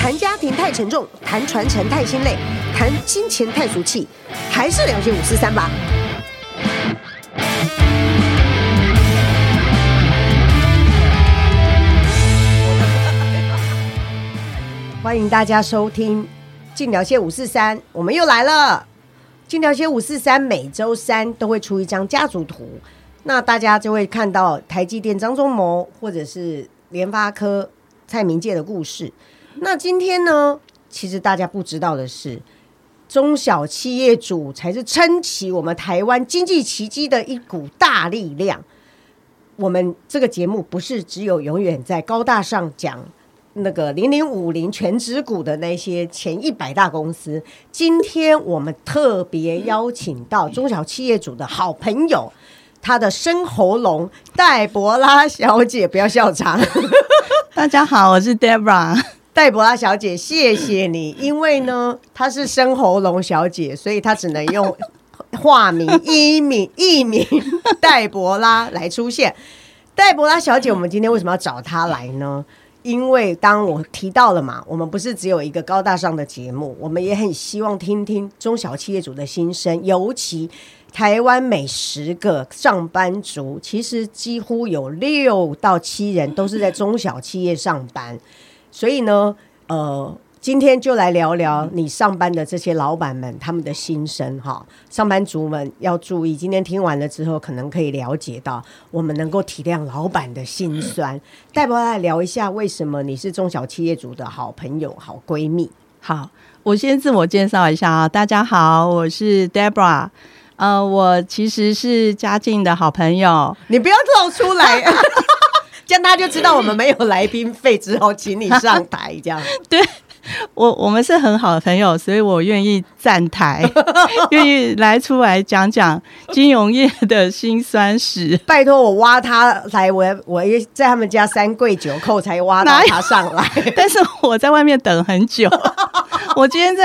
談家庭太沉重，談傳承太心累，談金錢太俗氣，還是聊些五四三吧。 歡迎大家收聽《晉聊些五四三》，我們又來了，《晉聊些五四三》每周三都會出一張家族圖。那大家就會看到台積電張忠謀，或者是聯發科蔡明介的故事。那今天呢，其實大家不知道的是，中小企業主才是撐起我們台灣經濟奇蹟的一股大力量。我們這個節目不是只有永遠在高大上講那個零零五零權值股的那些前一百大公司。今天我們特別邀請到中小企業主的好朋友，她的深喉嚨，黛博拉小姐，不要笑場。 大家好，我是黛博拉，黛博拉小姐，謝謝你。因為呢，她是深喉嚨小姐，所以她只能用化名 藝名、藝名黛博拉來出現。黛博拉小姐，我們今天為什麼要找她來呢？因為當我提到了嘛，我們不是只有一個高大上的節目，我們也很希望聽聽，聽中小企業主的心聲，尤其。台灣每十個上班族，其實幾乎有六到七人都是在中小企業上班。 所以呢，呃，今天就來聊聊你上班的這些老板們，他們的心聲哈。上班族們要注意，今天聽完了之後，可能可以了解到我們能夠體諒老板的心酸。Deborah e 來聊一下，為什麼你是中小企業主的好朋友、好閨蜜？好，我先自我介紹一下啊，大家好，我是 Deborah。呃，我其實是嘉靖的好朋友，你不要露出來， 這樣大家就知道我們沒有來賓費，只好請你上台，這樣 對。我我們是很好的朋友，所以我願意站台， 願意來出來講講金融業的辛酸史。拜托我挖他來，我我也在他們家三跪九叩才挖到他上來。但是我在外面等很久， 我今天在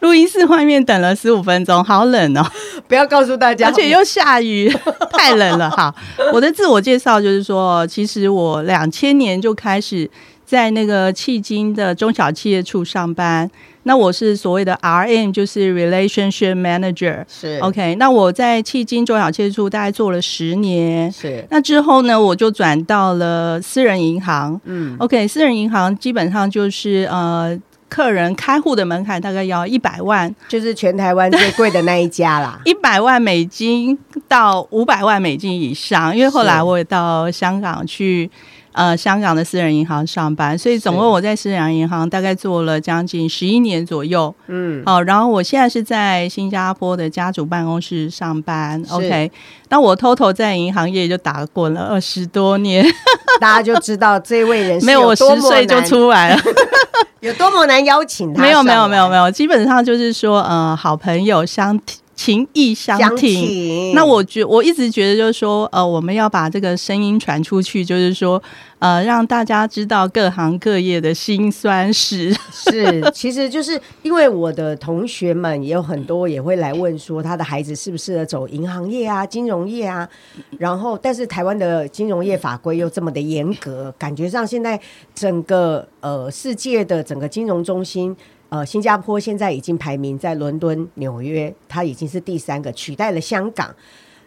錄音室外面等了十五分鐘，好冷哦！不要告訴大家，而且又下雨， 太冷了。哈，我的自我介紹就是說，其實我兩千年就開始。在那個企金的中小企業處上班，那我是所謂的 RM，就是 Relationship Manager 是。是 OK，那我在企金中小企業處大概做了十年。是那之後呢，我就轉到了私人銀行。嗯，OK，私人銀行基本上就是呃，客人開戶的門檻大概要一百萬，就是全台灣最貴的那一家啦， 一百萬美金到五百萬美金以上。因為後來我也到香港去。呃，香港的私人銀行上班，所以總共我在私人銀行大概做了將近十一年左右。嗯，好、呃，然後我現在是在新加坡的家族辦公室上班。OK，那我偷偷在銀行業就打滾了二十多年，大家就知道 這位人是有多麼難。沒有，我十歲就出來了， 有多麼難邀請他？沒有，沒有，沒有，沒有，基本上就是說，呃，好朋友相提。情意相挺，相，那我覺我一直覺得就是說，呃，我們要把這個聲音傳出去，就是說，呃，讓大家知道各行各業的辛酸史。是，其實就是因為我的同學們也有很多也會來問說，他的孩子適不適合走銀行業啊、金融業啊？然後，但是台灣的金融業法規又這麼的嚴格，感覺上現在整個呃世界的整個金融中心。呃，新加坡現在已經排名在倫敦、紐約，它已經是第三個，取代了香港。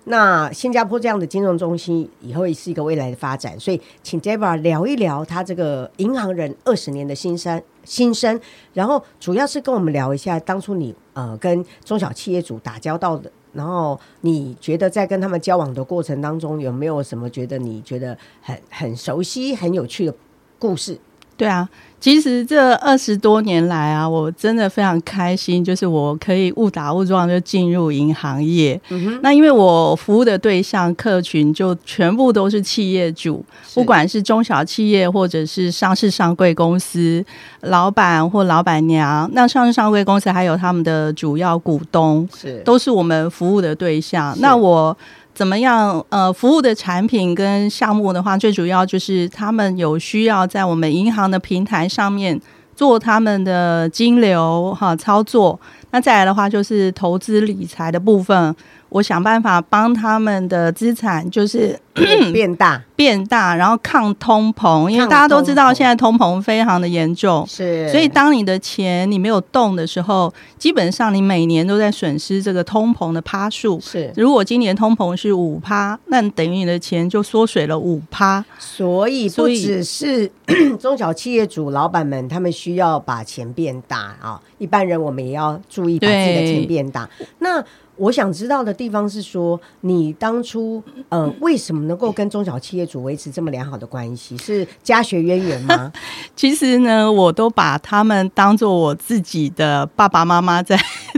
那新加坡這樣的金融中心以後也是一個未來的發展，所以請 Deborah 聊一聊他這個銀行人二十年的心聲心聲，然後主要是跟我們聊一下當初你呃跟中小企業主打交道的，然後你覺得在跟他們交往的過程當中有沒有什麼覺得你覺得很很熟悉、很有趣的故事？對啊，其實這二十多年來啊，我真的非常開心，就是我可以誤打誤撞就進入銀行業。嗯。那因為我服務的對象客群就全部都是企業主，不管是中小企業或者是上市上櫃公司老闆或老闆娘，那上市上櫃公司還有他們的主要股東，是都是我們服務的對象。那我。怎麼樣？呃，服務的產品跟項目的話，最主要就是他們有需要在我們銀行的平台上面做他們的金流，哈，操作。那再來的話，就是投資理財的部分。我想辦法幫他們的資產就是 變大變大，然後抗通膨，因為大家都知道現在通膨非常的嚴重，是。所以當你的錢你沒有動的時候，基本上你每年都在損失這個通膨的趴數。是。如果今年通膨是五趴，那等於你的錢就縮水了五趴。所以不只是，所以 中小企業主老板們，他們需要把錢變大啊。哦。一般人我們也要注意把自己的錢變大。那。我想知道的地方是說，你當初呃，為什麼能夠跟中小企業主維持這麼良好的關係？是家學淵源嗎？其實呢，我都把他們當做我自己的爸爸媽媽在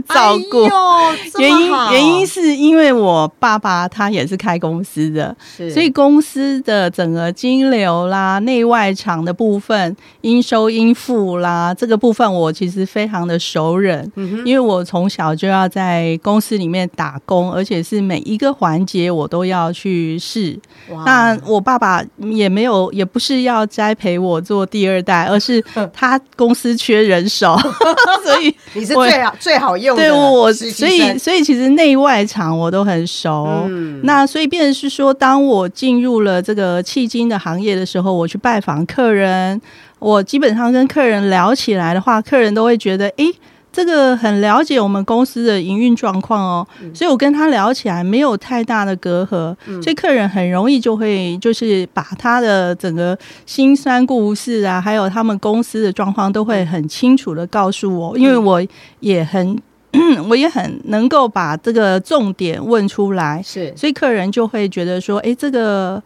照顧。哎、原因原因是因為我爸爸他也是開公司的，所以公司的整個金流啦、內外場的部分、應收應付啦這個部分，我其實非常的熟稔、嗯哼，因為我從小就要在公司裡面面打工，而且是每一個環節我都要去試、wow。那我爸爸也沒有，也不是要栽培我做第二代，而是他公司缺人手， 所以你是最好最好用的對。我所以所以其實內外場我都很熟。嗯、那所以變成是說，當我進入了這個企金的行業的時候，我去拜訪客人，我基本上跟客人聊起來的話，客人都會覺得哎。欸這個很了解我們公司的營運狀況哦、嗯，所以我跟他聊起來沒有太大的隔閡，嗯、所以客人很容易就會就是把他的整個辛酸故事啊，還有他們公司的狀況都會很清楚的告訴我，因為我也很、嗯、 我也很能夠把這個重點問出來，是，所以客人就會覺得說，哎，這個。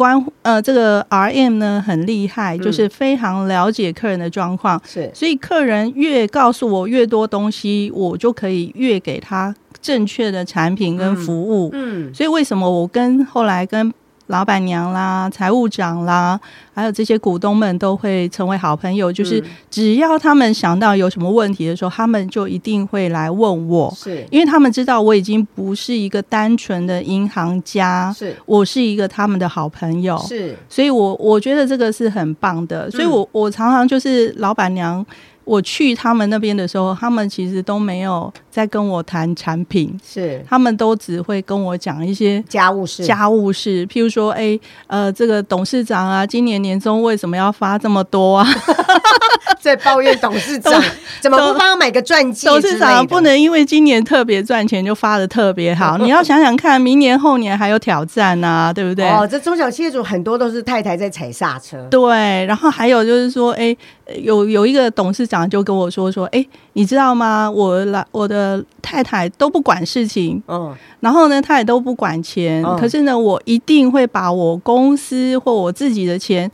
關呃，這個 R M 呢很厲害，嗯，就是非常了解客人的狀況，是，所以客人越告訴我越多東西，我就可以越給他正確的產品跟服務嗯。嗯，所以為什麼我跟後來跟。老闆娘啦，財務長啦，還有這些股東們都會成為好朋友。就是只要他們想到有什麼問題的時候，他們就一定會來問我。是，因為他們知道我已經不是一個單純的銀行家，是我是一個他們的好朋友。是，所以我我覺得這個是很棒的。所以我，我、嗯、我常常就是老闆娘。我去他們那邊的時候，他們其實都沒有在跟我談產品，是他們都只會跟我講一些家務事、家務事。譬如說，哎、欸，呃，這個董事長啊，今年年終為什麼要發這麼多啊？ 在抱怨董事長 怎麼不幫我買個鑽戒？董事長不能因為今年特別賺錢就發得特別好。 你要想想看，明年後年還有挑戰啊，對不對？哦，這中小企業主很多都是太太在踩剎車。對，然後還有就是說，哎、欸，有有一個董事長。就跟我說說，哎、欸，你知道嗎？我老我的太太都不管事情，嗯、oh.，然後呢，他也都不管錢，oh. 可是呢，我一定會把我公司或我自己的錢，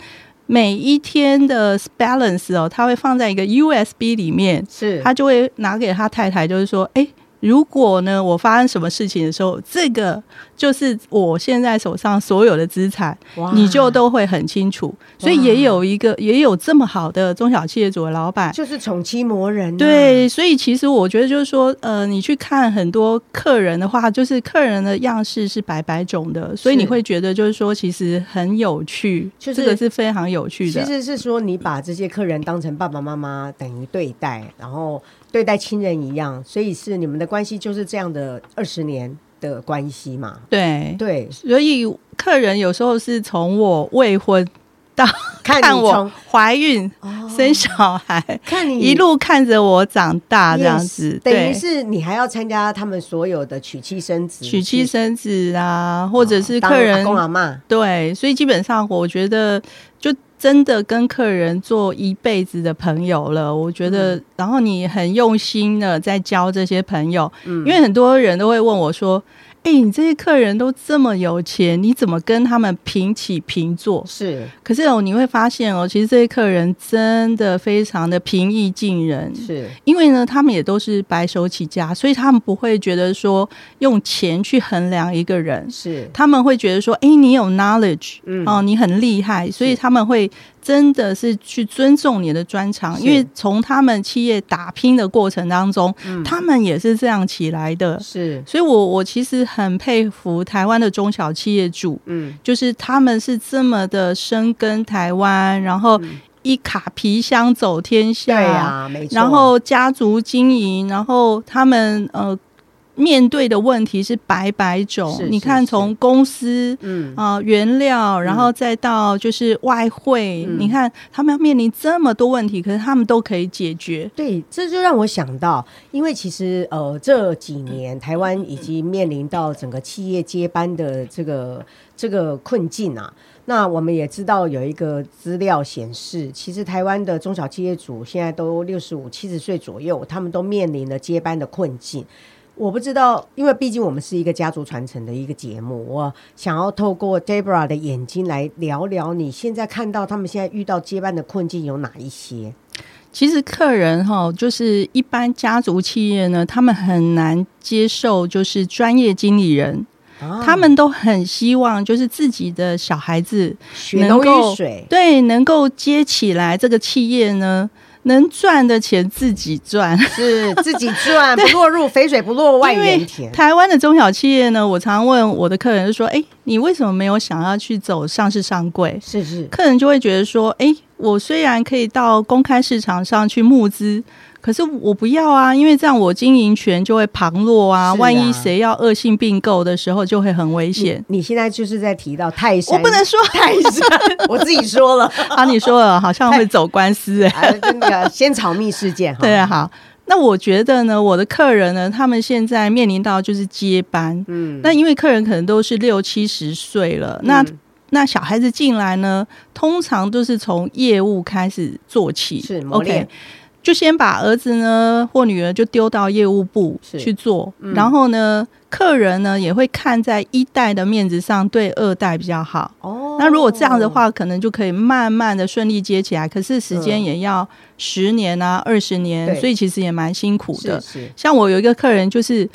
每一天的 balance 哦，他會放在一個 USB 裡面，是，他就會拿給他太太，就是說，哎、欸。如果呢，我發生什麼事情的時候，這個就是我現在手上所有的資產，你就都會很清楚。所以也有一個，也有這麼好的中小企業主的老板，就是寵妻魔人、啊。對，所以其實我覺得就是說，呃，你去看很多客人的話，就是客人的樣式是百百種的，所以你會覺得就是說，其實很有趣，就是，這個是非常有趣的。其實是說，你把這些客人當成爸爸媽媽等於對待，然後。對待親人一樣，所以是你們的關係就是這樣的二十年的關係嘛？對對，所以客人有時候是從我未婚到看，看我懷孕、哦、生小孩，看你一路看着我長大這樣子，等於是你還要參加他們所有的娶妻生子、娶妻生子啊，或者是客人、哦、當阿公、阿嬤。對，所以基本上我覺得就。真的跟客人做一輩子的朋友了，我覺得，嗯，然後你很用心的在交這些朋友，嗯，因為很多人都會問我說，哎、欸，你這些客人都這麼有錢，你怎麼跟他們平起平坐？是，可是哦，你會發現哦，其實這些客人真的非常的平易近人。是，因為呢，他們也都是白手起家，所以他們不會覺得說用錢去衡量一個人。是，他們會覺得說，哎、欸，你有 knowledge，嗯，哦，你很厲害，所以他們會。真的是去尊重你的專長，因為從他們企業打拼的過程當中、嗯，他們也是這樣起來的。是，所以我我其實很佩服台灣的中小企業主，嗯，就是他們是這麼的深耕台灣，然後一卡皮箱走天下，呀、嗯，然後家族經營，然後他們呃。面對的問題是百百種，是是是，你看從公司啊、嗯呃、原料，然後再到就是外匯，嗯、你看他們要面臨這麼多問題，可是他們都可以解決。對，這就讓我想到，因為其實呃這幾年台灣已經面臨到整個企業接班的這個、嗯、這個困境啊。那我們也知道有一個資料顯示，其實台灣的中小企業主現在都六十五、七十歲左右，他們都面臨了接班的困境。我不知道，因為畢竟我們是一個家族傳承的一個節目，我想要透過 Deborah 的眼睛來聊聊，你現在看到他們現在遇到接班的困境有哪一些？其實客人哈，就是一般家族企業呢，他們很難接受，就是專業經理人，哦，他們都很希望就是自己的小孩子能夠對，能夠接起來這個企業呢。能賺的錢自己賺，是 自己賺，不落入肥水不落外人田。台灣的中小企業呢，我常問我的客人就說：“哎、欸，你為什麼沒有想要去走上市上櫃？”是是，客人就會覺得說：“哎、欸，我雖然可以到公開市場上去募資。”可是我不要啊，因為這樣我經營權就會旁落啊！啊萬一誰要惡性併購的時候，就會很危險。你現在就是在提到泰山，我不能說泰山， 我自己說了啊，你說了好像會，會走官司、欸，啊、那個仙草蜜事件對啊，好。那我覺得呢，我的客人呢，他們現在面臨到就是接班，嗯，那因為客人可能都是六七十歲了，嗯、那那小孩子進來呢，通常都是從業務開始做起，是 OK。就先把兒子呢或女兒就丟到業務部去做，嗯，然後呢，客人呢也會看在一代的面子上對二代比較好。哦，那如果這樣的話，可能就可以慢慢的順利接起來，可是時間也要十年啊，嗯，二十年，所以其實也蠻辛苦的。是是，像我有一個客人就是。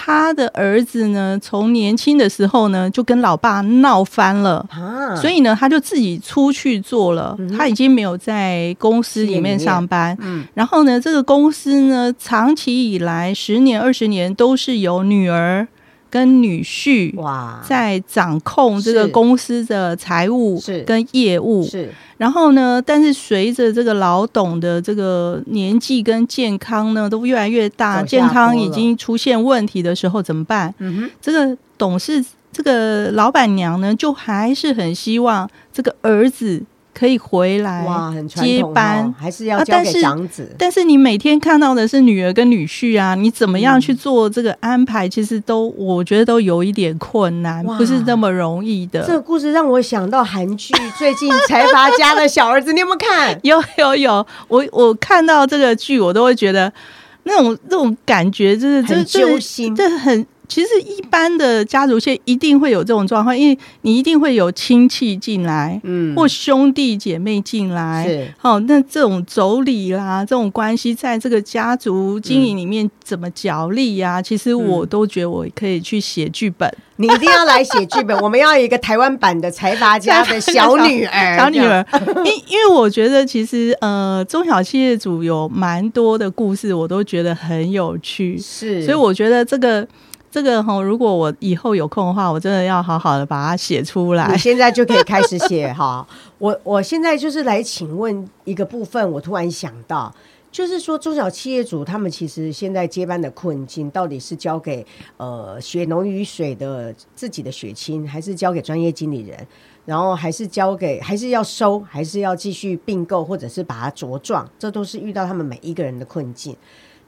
他的兒子呢，從年輕的時候呢就跟老爸鬧翻了，啊。所以呢他就自己出去做了，嗯。他已經沒有在公司裡面上班，你你、嗯。然後呢，這個公司呢，長期以來十年、二十年都是由女兒。跟女婿哇，在掌控這個公司的財務跟業務，是。然後呢，但是隨着這個老董的這個年紀跟健康呢，都越來越大，健康已經出現問題的時候怎麼辦？嗯哼，這個董事，這個老闆娘呢，就還是很希望這個兒子。可以回來接班、哦，還是要交給長子、啊但？但是你每天看到的是女兒跟女婿啊，你怎麼樣去做這個安排？嗯、其實都我覺得都有一點困難，不是那麼容易的。這個故事讓我想到韓劇最近財閥家的小兒子， 你有沒有看？有有有，我我看到這個劇，我都會覺得那種那種感覺，就是很揪心，就是就是就是、很。其實一般的家族線一定會有這種狀況，因為你一定會有親戚進來，嗯，或兄弟姐妹進來，是，哦，那這種妯娌啦，這種關係在這個家族經營裡面怎麼角力呀，啊，嗯。其實我都覺得我可以去寫劇本。你一定要來寫劇本， 我們要有一個台灣版的財閥家的小女兒， 小女兒。因因為我覺得其實呃，中小企業主有蠻多的故事，我都覺得很有趣，是，所以我覺得這個。這個哈，如果我以後有空的話，我真的要好好的把它寫出來。現在就可以開始寫哈 我我現在就是來請問一個部分，我突然想到，就是說中小企業主他們其實現在接班的困境，到底是交給呃血濃於水的自己的血親，還是交給專業經理人？然後還是交給還是要收，還是要繼續併購或者是把它茁壯？這都是遇到他們每一個人的困境。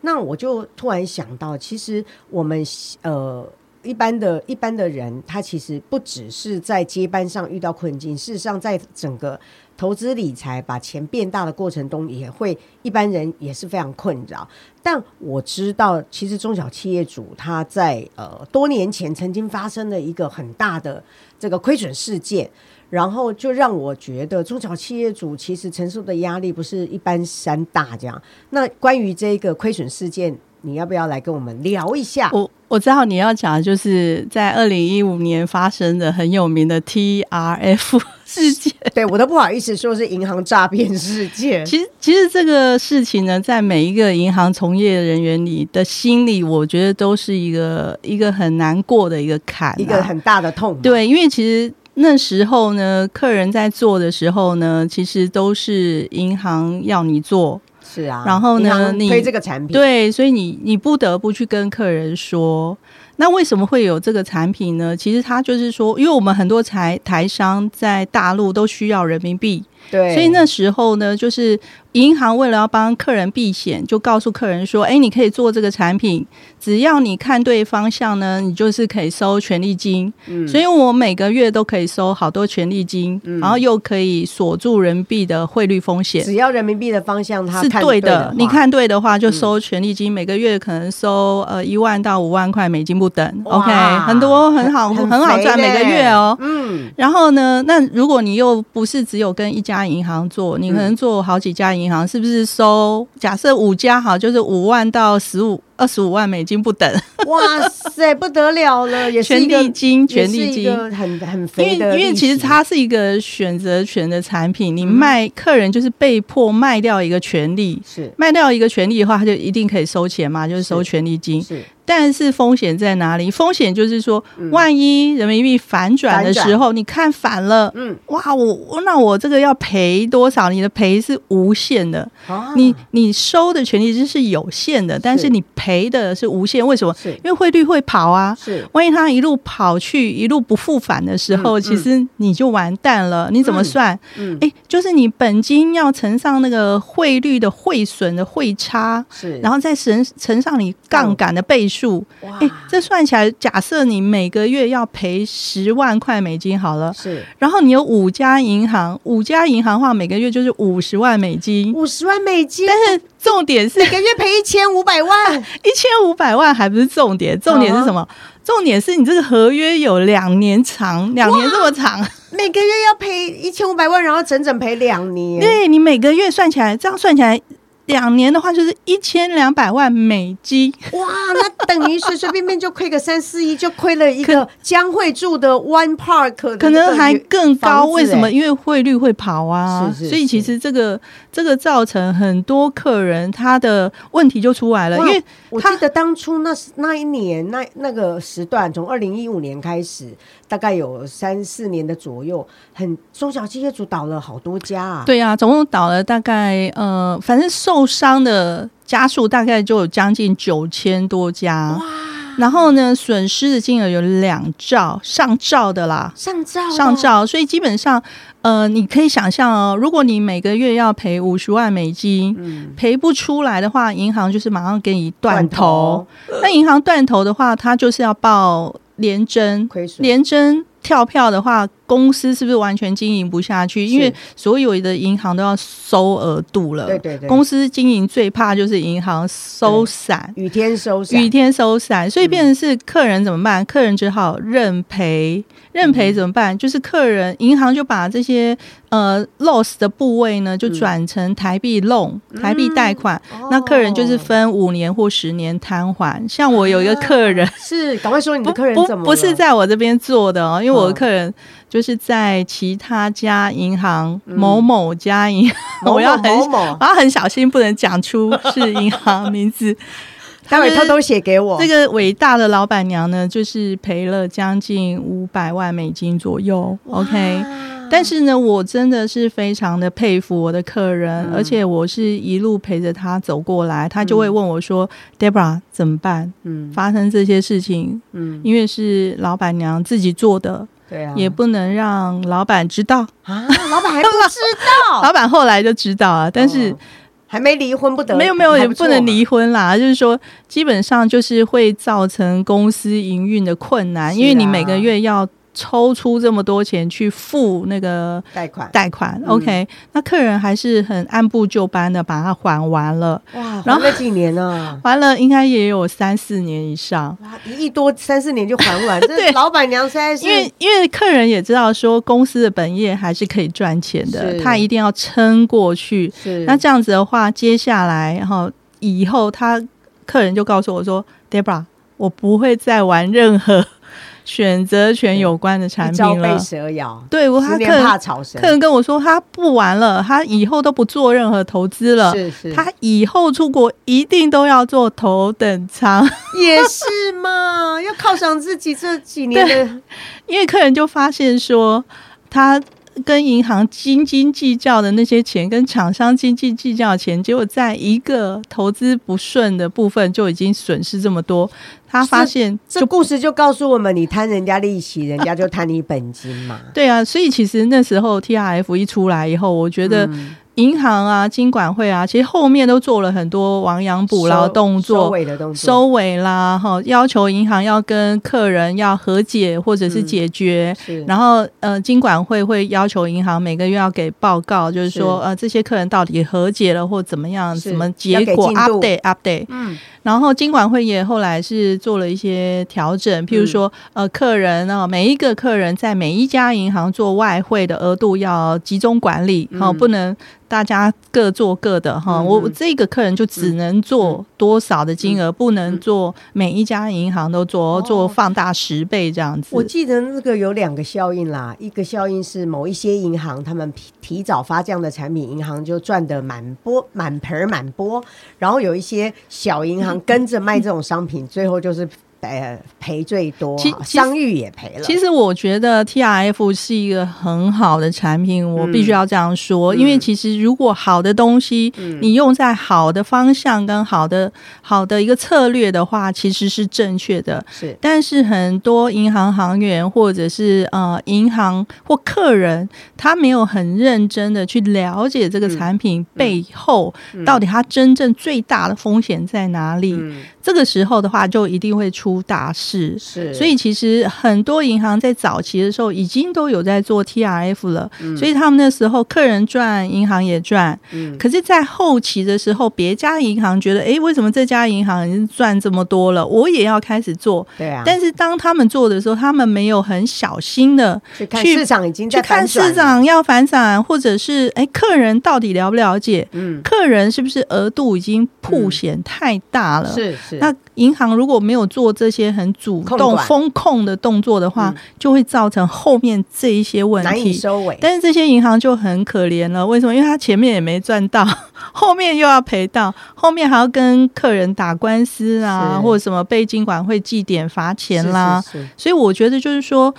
那我就突然想到，其實我們呃一般的一般的人，他其實不只是在接班上遇到困境，事實上，在整個投資理財把錢變大的過程中，也會一般人也是非常困擾。但我知道，其實中小企業主他在呃多年前曾經發生了一個很大的這個虧損事件。然後就讓我覺得中小企業主其實承受的壓力不是一般山大這樣。那關於這個虧損事件，你要不要來跟我們聊一下？我我知道你要講的就是在二零一五年發生的很有名的 TRF 事件。對，我都不好意思說是銀行詐騙事件。其實其實這個事情呢，在每一個銀行從業人員裡的心裡，我覺得都是一個一個很難過的一個坎、啊，一個很大的痛。對，因為其實。那時候呢，客人在做的時候呢，其實都是銀行要你做，是啊。然後呢，你推這個產品，對，所以你你不得不去跟客人說，那為什麼會有這個產品呢？其實他就是說，因為我們很多台台商在大陸都需要人民幣。對，所以那時候呢，就是銀行為了要幫客人避險，就告訴客人說：“哎，你可以做這個產品，只要你看對方向呢，你就是可以收權利金。”嗯，所以我每個月都可以收好多權利金，嗯，然後又可以鎖住人民幣的匯率風險。只要人民幣的方向它是對的，你看對的話就收權利金，嗯，每個月可能收呃一萬到五萬塊美金不等。OK，很多很好，很、很肥欸、很好賺，每個月哦，嗯。然後呢，那如果你又不是只有跟一家家銀行做，你可能做好幾家銀行、嗯，是不是收？假設五家好，就是五萬到十五、二十五萬美金不等。哇塞，不得了了，也是一個權利金，權利金很很肥的。因為因為其實它是一個選擇權的產品、嗯，你賣客人就是被迫賣掉一個權利，是賣掉一個權利的話，他就一定可以收錢嘛，就是收權利金是。是但是風險在哪裡？風險就是說，萬一人民幣反轉的時候，你看反了，嗯，哇，我我那我這個要賠多少？你的賠是無限的，啊、你你收的權利是是有限的，但是你賠的是無限。為什麼？因為匯率會跑啊，是。萬一他一路跑去，一路不復返的時候、嗯，其實你就完蛋了。你怎麼算？哎、嗯嗯欸，就是你本金要乘上那個匯率的匯損的匯差，然後再乘乘上你槓桿的倍數。嗯嗯這算起來，假設你每個月要賠十萬塊美金好了，是。然後你有五家銀行，五家銀行的話每個月就是五十萬美金，五十萬美金。但是重點是每個月賠一千五百萬，啊，一千五百萬還不是重點，重點是什麼，哦？重點是你這個合約有兩年長，兩年這麼長， 每個月要賠一千五百萬，然後整整賠兩年。對你每個月算起來，這樣算起來。兩年的話就是一千兩百萬美金，哇，那等於隨隨便便就虧個三四億， 就虧了一個江蕙住的 One Park，的可能還更高。為什麼？因為匯率會跑啊，是是是，所以其實這個這個造成很多客人他的問題就出來了。因為我記得當初那那一年那那個時段，從二零一五年開始。大概有三四年的左右，很中小企業主倒了好多家啊。對啊，總共倒了大概呃，反正受傷的家數大概就有將近九千多家。哇！然後呢，損失的金額有兩兆，上兆的啦，上兆，上兆。所以基本上呃，你可以想象哦，如果你每個月要賠五十萬美金，賠、嗯、不出來的話，銀行就是馬上給你斷頭、呃。那銀行斷頭的話，它就是要報。聯徵，聯徵跳票的話。公司是不是完全經營不下去？因為所有的銀行都要收額度了。對對，對公司經營最怕就是銀行收傘、嗯、收傘，雨天收傘，雨天收傘，所以變成是客人怎麼辦？客人只好認賠、嗯，認賠怎麼辦？就是客人銀行就把這些呃 loss 的部位呢，就轉成台幣 loan、嗯、台幣貸款、嗯，那客人就是分五年或十年攤還、嗯。像我有一個客人，啊、是趕快說你的客人怎麼不，不，不是在我這邊做的哦、喔，因為我的客人。嗯就是在其他家銀行某某家銀行，嗯、 我要很某某某，我要很小心，不能講出是銀行名字。 待會偷偷寫給我。這個偉大的老闆娘呢，就是賠了將近五百萬美金左右。OK，但是呢，我真的是非常的佩服我的客人，嗯、而且我是一路陪着她走過來。她就會問我說、嗯、：“Deborah 怎麼辦？嗯，發生這些事情，嗯，因為是老闆娘自己做的。”對啊、也不能讓老板知道啊，老板還不知道， 老板後來就知道啊。但是、哦、還沒離婚不得，沒有沒有，也不能離婚啦。就是說，基本上就是會造成公司營運的困難、啊，因為你每個月要。抽出這麼多錢去付那個貸款，貸款，OK、嗯。那客人還是很按部就班的把它還完了。哇，然後還了幾年呢、啊？還了應該也有三四年以上。哇，一億多三四年就還完 對，這老板娘現在因為因為客人也知道說公司的本業還是可以賺錢的，他一定要撐過去是。那這樣子的話，接下來然後以後他客人就告訴我說，Deborah，我不會再玩任何。選擇權有關的產品了，被蛇咬。對，我還客人怕，客人跟我說，他不玩了，他以後都不做任何投資了，是是。他以後出國一定都要坐頭等艙，也是嘛， 要犒賞自己這幾年，因為客人就發現說，他跟銀行斤斤計較的那些錢，跟廠商斤斤計較的錢，結果在一個投資不順的部分，就已經損失這麼多。他發現、就是、這故事就告訴我們：你貪人家利息， 人家就貪你本金嘛。對啊，所以其實那時候 TRF 一出來以後，我覺得銀行啊、金管會啊，其實後面都做了很多亡羊補牢動作收、收尾的動作，收尾啦哈，要求銀行要跟客人要和解或者是解決。嗯、是然後呃，金管會會要求銀行每個月要給報告，就是說是呃這些客人到底和解了或怎麼樣，什麼結果 update update 嗯。然後金管會也後來是做了一些調整，譬如說，嗯、呃，客人啊、哦，每一個客人在每一家銀行做外匯的額度要集中管理，好、嗯哦，不能大家各做各的哈、哦嗯。我這個客人就只能做多少的金額，嗯、不能做每一家銀行都做，嗯、做放大十倍這樣子。哦、我記得那個有兩個效應啦，一個效應是某一些銀行他們提提早發這樣的產品，銀行就賺得滿缽滿盆滿缽，然後有一些小銀行。跟着賣這種商品，最後就是。呃，賠最多，相遇也賠了。其實我覺得 TRF 是一個很好的產品，我必須要這樣說、嗯。因為其實如果好的東西，嗯、你用在好的方向跟好的好的一個策略的話，其實是正確的。是，但是很多銀行行員或者是呃銀行或客人，他沒有很認真的去了解這個產品背後、嗯嗯、到底它真正最大的風險在哪裡。嗯嗯這個時候的話，就一定會出大事。是，所以其實很多銀行在早期的時候，已經都有在做 T R F 了、嗯。所以他們那時候客人賺，銀行也賺。嗯、可是，在後期的時候，別家銀行覺得，哎，為什麼這家銀行賺這麼多了？我也要開始做。對啊。但是當他們做的時候，他們沒有很小心的去，去看市場已經在反轉了。去看市場要反轉，或者是哎，客人到底了不了解？嗯、客人是不是額度已經曝險太大了？嗯、是。那銀行如果沒有做這些很主動風控、控的動作的話、嗯，就會造成後面這一些問題。難以收尾。但是這些銀行就很可憐了，為什麼？因為他前面也沒賺到，後面又要賠到，後面還要跟客人打官司啊，或者什麼被金管會記點罰錢啦、啊。所以我覺得就是說，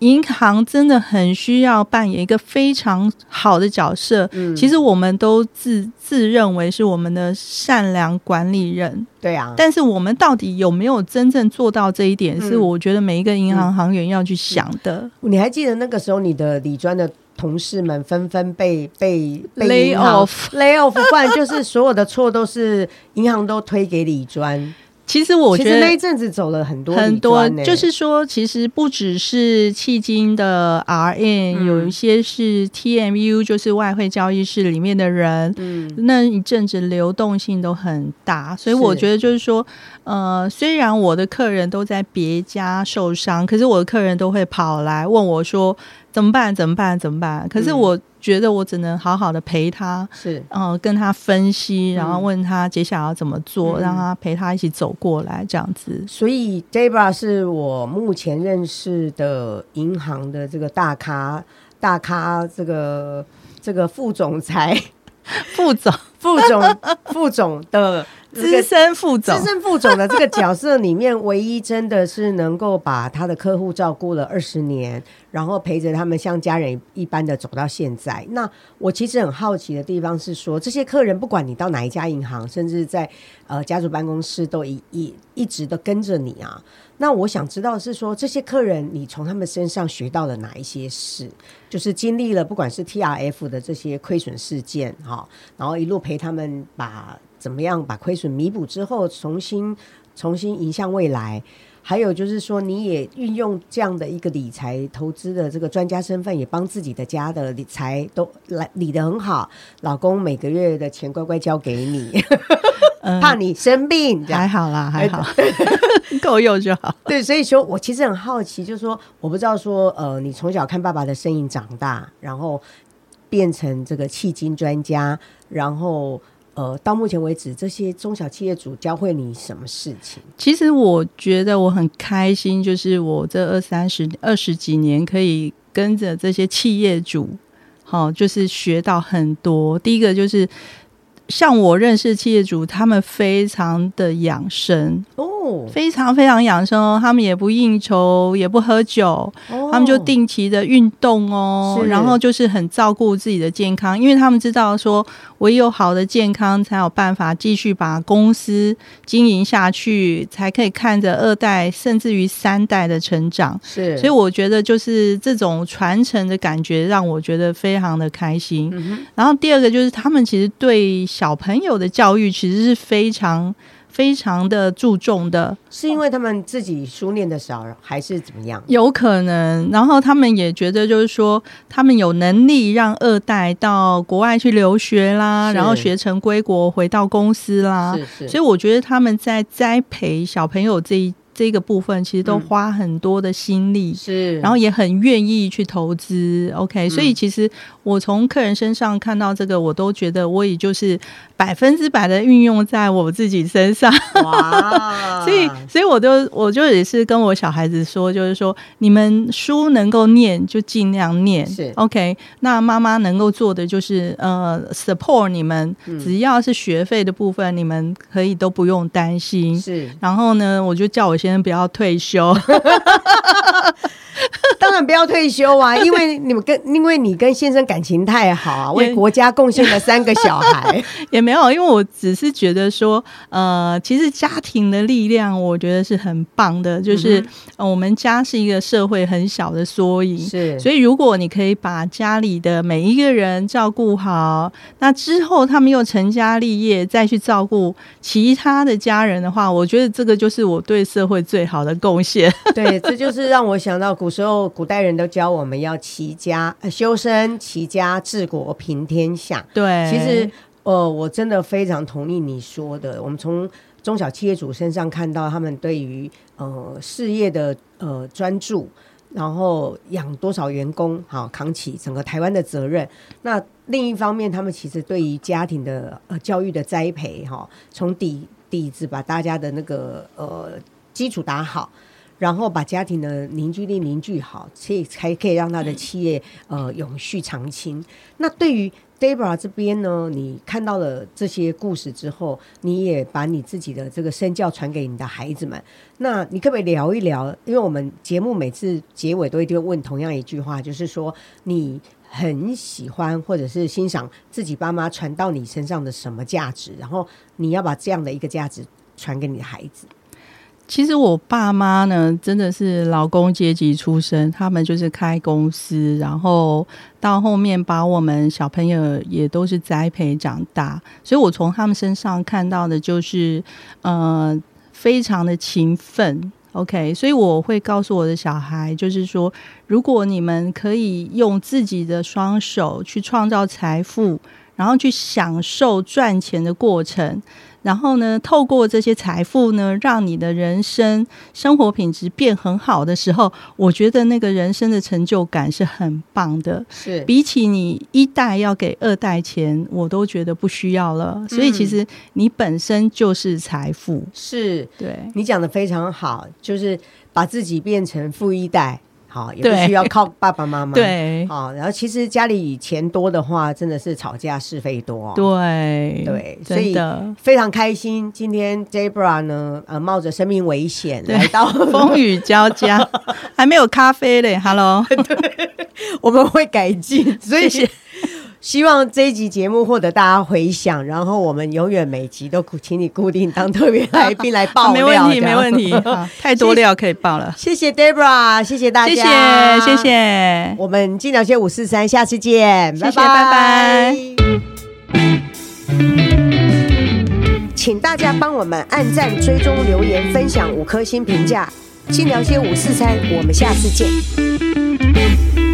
銀行真的很需要扮演一個非常好的角色。嗯，其實我們都自自認為是我們的善良管理人。對啊，但是我們到底有沒有真正做到這一點？嗯、是我覺得每一個銀行行員要去想的、嗯嗯嗯嗯哦。你還記得那個時候，你的理專的同事們紛紛被被被銀行 lay off，lay off，不然 就是所有的錯都是銀行都推給理專。其實我覺得那一陣子走了很多很多，就是說，其實不只是企金的 RM，嗯、有一些是 TMU，就是外匯交易室裡面的人。嗯、那一陣子流動性都很大，所以我覺得就是說，是呃，雖然我的客人都在別家受傷，可是我的客人都會跑來問我說。怎麼辦？怎麼辦？怎麼辦？可是我覺得我只能好好的陪他，是、嗯，嗯、呃，跟他分析，然後問他接下來要怎麼做，嗯、讓他陪他一起走過來這樣子。所以，Deborah 是我目前認識的銀行的這個大咖，大咖，這個這個副總裁， 副總。副總副總的這個資深副總資深副總的這個角色裡面，唯一真的是能夠把他的客戶照顧了二十年，然後陪着他們像家人一般的走到現在。那我其實很好奇的地方是說，這些客人不管你到哪一家銀行，甚至在呃家族辦公室都一一一直都跟着你啊。那我想知道是說，這些客人你從他們身上學到了哪一些事？就是經歷了不管是 TRF 的這些虧損事件哈，然後一路陪。給他們把怎麼樣把虧損彌補之後，重新重新迎向未來。還有就是說，你也運用這樣的一個理財投資的這個專家身份，也幫自己的家的理財都來理得很好。老公每個月的錢乖乖交給你，嗯、怕你生病。還好啦，還好， 夠用就好。對，所以說，我其實很好奇，就是說，我不知道說，呃，你從小看爸爸的身影長大，然後變成這個企金專家。然後，呃，到目前為止，這些中小企業主教會你什麼事情？其實我覺得我很開心，就是我這二三十、二十幾年可以跟着這些企業主，好、哦，就是學到很多。第一個就是，像我認識的企業主，他們非常的養生哦。非常非常養生哦，他們也不應酬，也不喝酒，哦、他們就定期的運動哦，然後就是很照顧自己的健康，因為他們知道說，唯有好的健康才有辦法繼續把公司經營下去，才可以看着二代甚至於三代的成長。是，所以我覺得就是這種傳承的感覺讓我覺得非常的開心。嗯、然後第二個就是他們其實對小朋友的教育其實是非常。非常的注重的，是因為他們自己書念的少，還是怎麼樣？哦，有可能。然後他們也覺得，就是說，他們有能力讓二代到國外去留學啦，然後學成歸國回到公司啦，是是。所以我覺得他們在栽培小朋友這一。這個部分其實都花很多的心力，是、嗯，然後也很願意去投資，OK，嗯，所以其實我從客人身上看到這個，我都覺得我也就是百分之百的運用在我自己身上， 所以所以我就我就也是跟我小孩子說，就是說你們書能夠念就盡量念，是 OK，那媽媽能夠做的就是呃 support 你們、嗯，只要是學費的部分，你們可以都不用擔心，是，然後呢，我就叫我先。先不要退休。 當然不要退休啊，因為你們跟 因為你跟先生感情太好啊。為國家貢獻了三個小孩 也沒有，因為我只是覺得說，呃，其實家庭的力量，我覺得是很棒的。就是、嗯呃、我們家是一個社會很小的縮影，是。所以如果你可以把家裡的每一個人照顧好，那之後他們又成家立業，再去照顧其他的家人的話，我覺得這個就是我對社會最好的貢獻。對，這就是讓我想到古時候。古代人都教我們要齊家、呃、修身、齊家治國平天下。對，其實呃，我真的非常同意你說的。我們從中小企業主身上看到他們對於呃事業的呃專注，然後養多少員工，好、哦、扛起整個台灣的責任。那另一方面，他們其實對於家庭的呃教育的栽培，哈、哦，從底底子把大家的那個呃基礎打好。然後把家庭的凝聚力凝聚好，所以才可以讓他的企業呃永續長青。那對於 Deborah 這邊呢，你看到了這些故事之後，你也把你自己的這個身教傳給你的孩子們。那你可不可以聊一聊？因為我們節目每次結尾都一定會問同樣一句話，就是說你很喜歡或者是欣賞自己爸媽傳到你身上的什麼價值，然後你要把這樣的一個價值傳給你的孩子。其實我爸媽呢，真的是勞工階級出身，他們就是開公司，然後到後面把我們小朋友也都是栽培長大，所以我從他們身上看到的就是，呃，非常的勤奮。OK，所以我會告訴我的小孩，就是說，如果你們可以用自己的雙手去創造財富，然後去享受賺錢的過程。然後呢，透過這些財富呢，讓你的人生生活品質變很好的時候，我覺得那個人生的成就感是很棒的。是。比起你一代要給二代錢，我都覺得不需要了。所以其實你本身就是財富，嗯、對。是，對，你講的非常好，就是把自己變成富一代。好，也不需要靠爸爸媽媽。對，好，然後其實家裡錢多的話，真的是吵架是非多，哦。對，對，所以非常開心，今天 Deborah 呢，呃，冒着生命危險來到風雨交加， 還沒有咖啡嘞。Hello， 我們會改進，所以是。是希望這一集節目獲得大家回響，然後我們永遠每集都請你固定當特別來賓來爆料、 啊，沒問題，沒問題， 太多料可以爆了 謝謝。謝謝 Deborah，謝謝大家，謝謝，謝謝。我們晉聊些五四三，下次見，謝謝，拜拜。拜拜。請大家幫我們按讚、追蹤、留言、分享五顆星評價，晉聊些五四三，我們下次見。